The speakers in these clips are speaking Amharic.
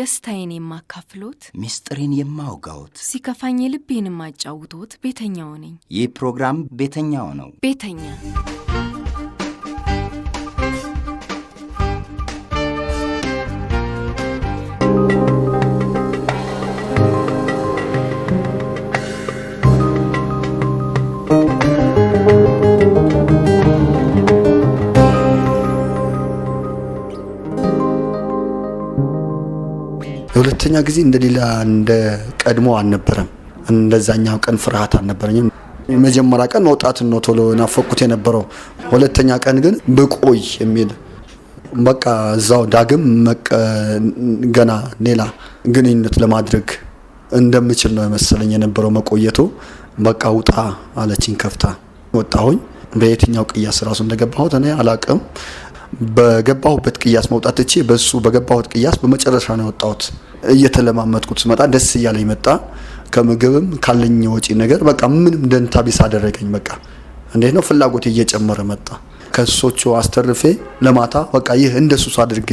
ደስታዬን የማካፍሎት፣ ሚስጥሬን የማውጋዎት፣ ሲከፋኝ ልቤን የማጫውቶት ቤተኛው ነኝ። ይህ ፕሮግራም ቤተኛው ነው። ቤተኛ ሁለተኛ ጊዜ እንደሌላ እንደ ቀድሞ አልነበረም። እንደዛኛው ቀን ፍርሃት አልነበረኝም። የመጀመሪያ ቀን መውጣትን ነው ቶሎ ናፈቅኩት የነበረው። ሁለተኛ ቀን ግን ብቆይ የሚል በቃ እዛው ዳግም ገና ሌላ ግንኙነት ለማድረግ እንደምችል ነው የመሰለኝ የነበረው መቆየቱ። በቃ ውጣ አለችኝ ከፍታ። ወጣሁኝ። በየትኛው ቅያስ ራሱ እንደገባሁት እኔ አላቅም። በገባሁበት ቅያስ መውጣት ትቼ በሱ በገባሁት ቅያስ በመጨረሻ ነው የወጣሁት እየተለማመጥኩት ስመጣ ደስ እያለ ይመጣ ከምግብም ካለኝ ወጪ ነገር በቃ ምንም ደንታ ቢስ አደረገኝ። በቃ እንዴት ነው ፍላጎት እየጨመረ መጣ። ከሶቹ አስተርፌ ለማታ በቃ ይህ እንደ ሱስ አድርጌ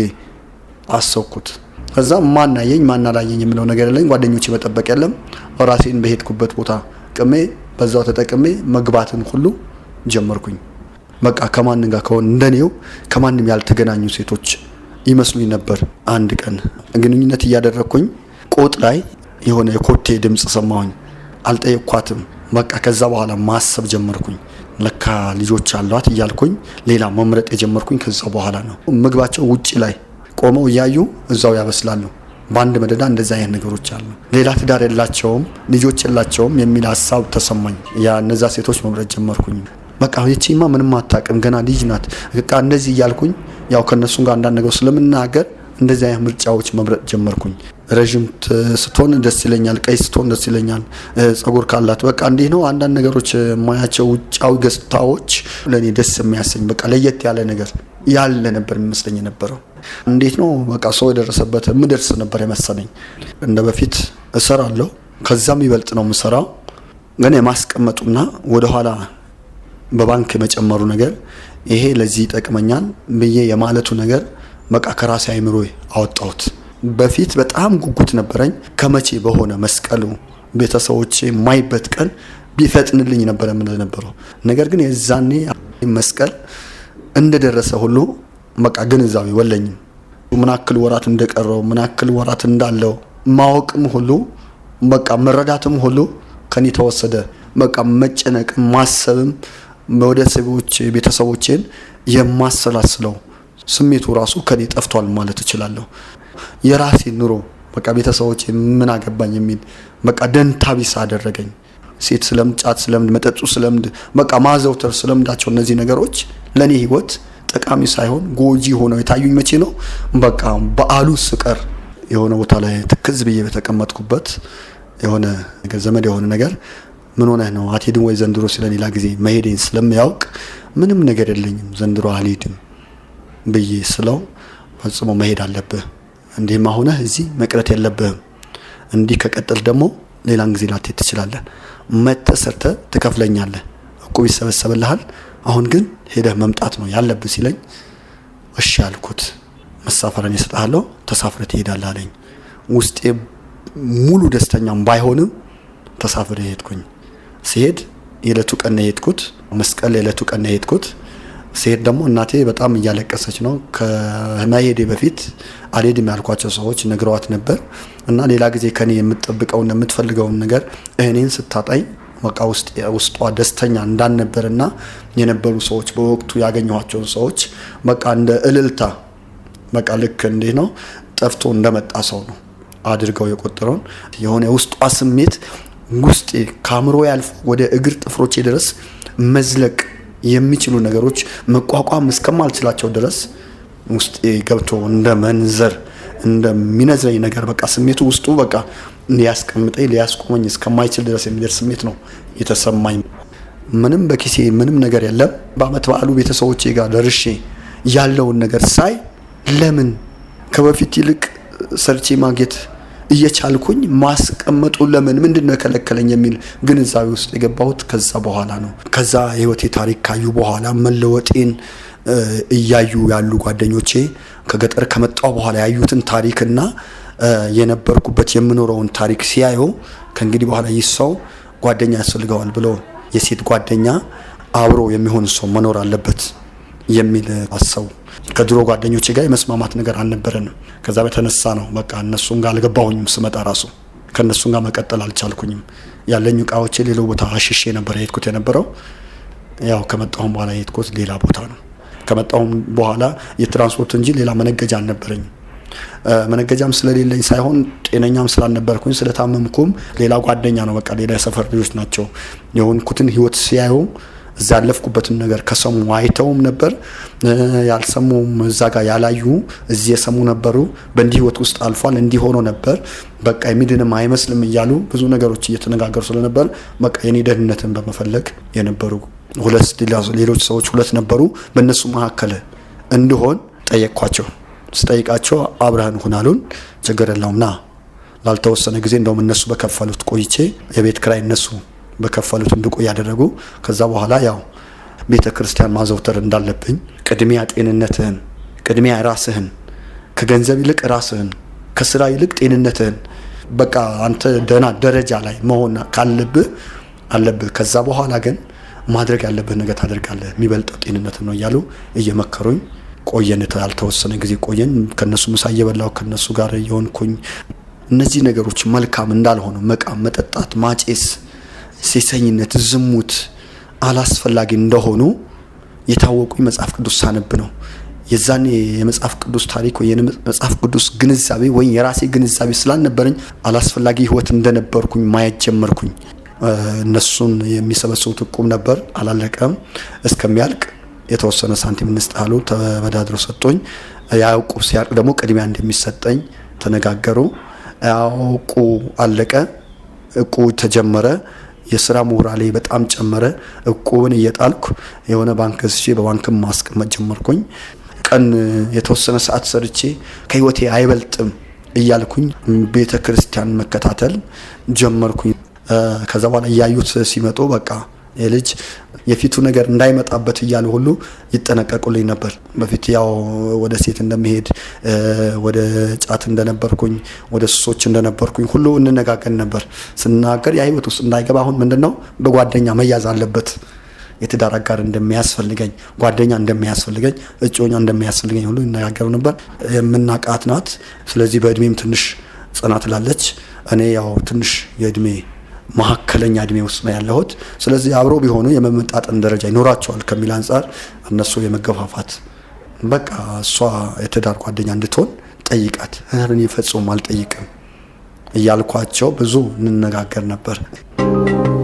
አሰብኩት። ከዛ ማናየኝ ማናላየኝ የምለው ነገር የለኝ። ጓደኞቼ መጠበቅ የለም። ራሴን በሄድኩበት ቦታ ቅሜ በዛው ተጠቅሜ መግባትን ሁሉ ጀመርኩኝ። በቃ ከማንን ጋር ከሆነ እንደኔው ከማንም ያልተገናኙ ሴቶች ይመስሉኝ ነበር። አንድ ቀን ግንኙነት እያደረግኩኝ ቆጥ ላይ የሆነ የኮቴ ድምፅ ሰማሁኝ። አልጠየኳትም በቃ ከዛ በኋላ ማሰብ ጀመርኩኝ። ለካ ልጆች አሏት እያልኩኝ ሌላ መምረጥ የጀመርኩኝ ከዛ በኋላ ነው። ምግባቸው ውጭ ላይ ቆመው እያዩ እዛው ያበስላሉ። በአንድ መደዳ እንደዚ አይነት ነገሮች አሉ። ሌላ ትዳር የላቸውም፣ ልጆች የላቸውም የሚል ሀሳብ ተሰማኝ። ያ እነዛ ሴቶች መምረጥ ጀመርኩኝ። በቃ ይቺማ ምንም አታውቅም ገና ልጅ ናት በቃ እንደዚህ እያልኩኝ ያው ከነሱ ጋር አንዳንድ ነገር ስለምናገር እንደዚህ አይነት ምርጫዎች መምረጥ ጀመርኩኝ። ረዥም ስትሆን ደስ ይለኛል፣ ቀይ ስትሆን ደስ ይለኛል፣ ጸጉር ካላት በቃ እንዲህ ነው። አንዳንድ ነገሮች የማያቸው ውጫዊ ገጽታዎች ለእኔ ደስ የሚያሰኝ በቃ ለየት ያለ ነገር ያለ ነበር የሚመስለኝ የነበረው። እንዴት ነው በቃ ሰው የደረሰበት የምደርስ ነበር የመሰለኝ። እንደ በፊት እሰራለሁ፣ ከዛም ይበልጥ ነው የምሰራው፣ ግን የማስቀመጡና ወደኋላ በባንክ የመጨመሩ ነገር ይሄ ለዚህ ይጠቅመኛል ብዬ የማለቱ ነገር በቃ ከራሴ አይምሮ አወጣሁት። በፊት በጣም ጉጉት ነበረኝ። ከመቼ በሆነ መስቀሉ ቤተሰቦች የማይበት ቀን ቢፈጥንልኝ ነበረ ምን ነበረው። ነገር ግን የዛኔ መስቀል እንደደረሰ ሁሉ በቃ ግንዛቤ ወለኝም። ምናክል ወራት እንደቀረው ምናክል ወራት እንዳለው ማወቅም ሁሉ በቃ መረዳትም ሁሉ ከኔ ተወሰደ። በቃ መጨነቅም ማሰብም ወደሰቦች ቤተሰቦቼን የማሰላስለው ስሜቱ ራሱ ከኔ ጠፍቷል ማለት እችላለሁ። የራሴ ኑሮ በቃ ቤተሰቦቼ ምን አገባኝ የሚል በቃ ደንታቢስ አደረገኝ። ሴት ስለምድ፣ ጫት ስለምድ፣ መጠጡ ስለምድ፣ በቃ ማዘውተር ስለምዳቸው እነዚህ ነገሮች ለእኔ ህይወት ጠቃሚ ሳይሆን ጎጂ ሆነው የታዩኝ መቼ ነው? በቃ በዓሉ ስቀር የሆነ ቦታ ላይ ትክዝ ብዬ በተቀመጥኩበት የሆነ ነገር ዘመድ የሆነ ነገር ምን ሆነህ ነው አትሄድም ወይ ዘንድሮ? ስለ ሌላ ጊዜ መሄዴን ስለሚያውቅ ምንም ነገር የለኝም ዘንድሮ አልሄድም ብዬ ስለው ፈጽሞ መሄድ አለብህ፣ እንዲህማ ሆነህ እዚህ መቅረት የለብህም። እንዲህ ከቀጠል ደግሞ ሌላን ጊዜ ላትሄድ ትችላለህ። መጥተህ ሰርተህ ትከፍለኛለህ፣ እቁብ ይሰበሰብልሃል። አሁን ግን ሄደህ መምጣት ነው ያለብህ ሲለኝ እሺ አልኩት። መሳፈረን እሰጥሃለሁ፣ ተሳፍረ ትሄዳለህ አለኝ። ውስጤ ሙሉ ደስተኛም ባይሆንም ተሳፍሬ ሄድኩኝ። ሲሄድ የዕለቱ ቀን ነው የሄድኩት። መስቀል የዕለቱ ቀን ነው የሄድኩት። ሲሄድ ደግሞ እናቴ በጣም እያለቀሰች ነው። ከመሄዴ በፊት አልሄድም ያልኳቸው ሰዎች ነግረዋት ነበር እና ሌላ ጊዜ ከኔ የምትጠብቀውን የምትፈልገውን ነገር እኔን ስታጣኝ በቃ ውስጧ ደስተኛ እንዳልነበርና የነበሩ ሰዎች በወቅቱ ያገኘኋቸውን ሰዎች በቃ እንደ እልልታ በቃ ልክ እንዲህ ነው ጠፍቶ እንደመጣ ሰው ነው አድርገው የቆጠረውን የሆነ ውስጧ ስሜት ውስጤ ከአእምሮ ያልፍ ወደ እግር ጥፍሮቼ ድረስ መዝለቅ የሚችሉ ነገሮች መቋቋም እስከማልችላቸው ድረስ ውስጤ ገብቶ እንደ መንዘር እንደሚነዝረኝ ነገር በቃ ስሜቱ ውስጡ በቃ ሊያስቀምጠኝ ሊያስቆመኝ እስከማይችል ድረስ የሚደርስ ስሜት ነው የተሰማኝ። ምንም በኪሴ ምንም ነገር የለም። በዓመት በዓሉ ቤተሰቦቼ ጋር ደርሼ ያለውን ነገር ሳይ ለምን ከበፊት ይልቅ ሰርቼ ማግኘት እየቻልኩኝ ማስቀመጡ ለምን ምንድን ነው የከለከለኝ የሚል ግንዛቤ ውስጥ የገባሁት ከዛ በኋላ ነው። ከዛ የህይወቴ ታሪክ ካዩ በኋላ መለወጤን እያዩ ያሉ ጓደኞቼ ከገጠር ከመጣው በኋላ ያዩትን ታሪክና የነበርኩበት የምኖረውን ታሪክ ሲያዩ ከእንግዲህ በኋላ ይህ ሰው ጓደኛ ያስፈልገዋል ብለው የሴት ጓደኛ አብሮ የሚሆን ሰው መኖር አለበት የሚል አሰው ከድሮ ጓደኞቼ ጋር የመስማማት ነገር አልነበረንም። ከዛ በተነሳ ነው በቃ እነሱን ጋር አልገባሁኝም። ስመጣ ራሱ ከእነሱን ጋር መቀጠል አልቻልኩኝም። ያለኝ እቃዎቼ ሌላው ቦታ አሽሼ ነበር የሄድኩት የነበረው። ያው ከመጣሁም በኋላ የሄድኩት ሌላ ቦታ ነው። ከመጣሁም በኋላ የትራንስፖርት እንጂ ሌላ መነገጃ አልነበረኝም። መነገጃም ስለሌለኝ ሳይሆን ጤነኛም ስላልነበርኩኝ ስለታመምኩም ሌላ ጓደኛ ነው በቃ ሌላ የሰፈር ልጆች ናቸው የሆንኩትን ህይወት ሲያዩ እዛ ያለፍኩበትን ነገር ከሰሙ አይተውም ነበር ያልሰሙም እዛ ጋር ያላዩ እዚህ የሰሙ ነበሩ። በእንዲህ ህይወት ውስጥ አልፏል እንዲህ ሆኖ ነበር በቃ የሚድንም አይመስልም እያሉ ብዙ ነገሮች እየተነጋገሩ ስለነበር በቃ የኔ ደህንነትን በመፈለግ የነበሩ ሁለት ሌሎች ሰዎች ሁለት ነበሩ። በእነሱ መካከል እንድሆን ጠየቅኳቸው። ስጠይቃቸው አብረህን ሁን አሉን። ችግር የለውም ና ላልተወሰነ ጊዜ እንደውም እነሱ በከፈሉት ቆይቼ የቤት ክራይ እነሱ በከፈሉት እንድቆ ያደረጉ። ከዛ በኋላ ያው ቤተ ክርስቲያን ማዘውተር እንዳለብኝ ቅድሚያ ጤንነትህን፣ ቅድሚያ ራስህን፣ ከገንዘብ ይልቅ ራስህን፣ ከስራ ይልቅ ጤንነትህን በቃ አንተ ደህና ደረጃ ላይ መሆን ካለብህ አለብህ። ከዛ በኋላ ግን ማድረግ ያለብህ ነገር ታደርጋለህ። የሚበልጠው ጤንነት ነው እያሉ እየመከሩኝ ቆየን። ያልተወሰነ ጊዜ ቆየን። ከነሱ ምሳ እየበላሁ ከነሱ ጋር የሆንኩኝ እነዚህ ነገሮች መልካም እንዳልሆኑ መቃም፣ መጠጣት፣ ማጬስ ሴሰኝነት፣ ዝሙት አላስፈላጊ እንደሆኑ የታወቁ መጽሐፍ ቅዱስ ሳነብ ነው። የዛን የመጽሐፍ ቅዱስ ታሪክ ወይ የመጽሐፍ ቅዱስ ግንዛቤ ወይም የራሴ ግንዛቤ ስላልነበረኝ አላስፈላጊ ህይወት እንደነበርኩኝ ማየት ጀመርኩኝ። እነሱን የሚሰበስቡት እቁብ ነበር፣ አላለቀም። እስከሚያልቅ የተወሰነ ሳንቲም እንስጣሉ ተበዳድሮ ሰጡኝ። ያ እቁብ ሲያልቅ ደግሞ ቅድሚያ እንደሚሰጠኝ ተነጋገሩ። ያው አለቀ፣ እቁ ተጀመረ። የስራ ላይ በጣም ጨመረ። እቁብን እየጣልኩ የሆነ ባንክ ስቼ በባንክም ማስቀመጥ ጀመርኩኝ። ቀን የተወሰነ ሰዓት ሰርቼ ከህይወቴ አይበልጥም እያልኩኝ ቤተ ክርስቲያን መከታተል ጀመርኩኝ። ከዛ በኋላ እያዩት ሲመጡ በቃ የልጅ የፊቱ ነገር እንዳይመጣበት እያሉ ሁሉ ይጠነቀቁልኝ ነበር። በፊት ያው ወደ ሴት እንደሚሄድ ወደ ጫት እንደነበርኩኝ ወደ ሱሶች እንደነበርኩኝ ሁሉ እንነጋገር ነበር። ስናገር ያ ህይወት ውስጥ እንዳይገባ አሁን ምንድን ነው በጓደኛ መያዝ አለበት የትዳር አጋር እንደሚያስፈልገኝ ጓደኛ እንደሚያስፈልገኝ እጮኛ እንደሚያስፈልገኝ ሁሉ ይነጋገሩ ነበር። የምናቃት ናት። ስለዚህ በእድሜም ትንሽ ጽናት ላለች እኔ ያው ትንሽ የእድሜ መካከለኛ እድሜ ውስጥ ነው ያለሁት። ስለዚህ አብሮ ቢሆኑ የመመጣጠን ደረጃ ይኖራቸዋል ከሚል አንጻር እነሱ የመገፋፋት በቃ እሷ የትዳር ጓደኛ እንድትሆን ጠይቃት፣ እኔ ፈጽሞ አልጠይቅም እያልኳቸው ብዙ እንነጋገር ነበር።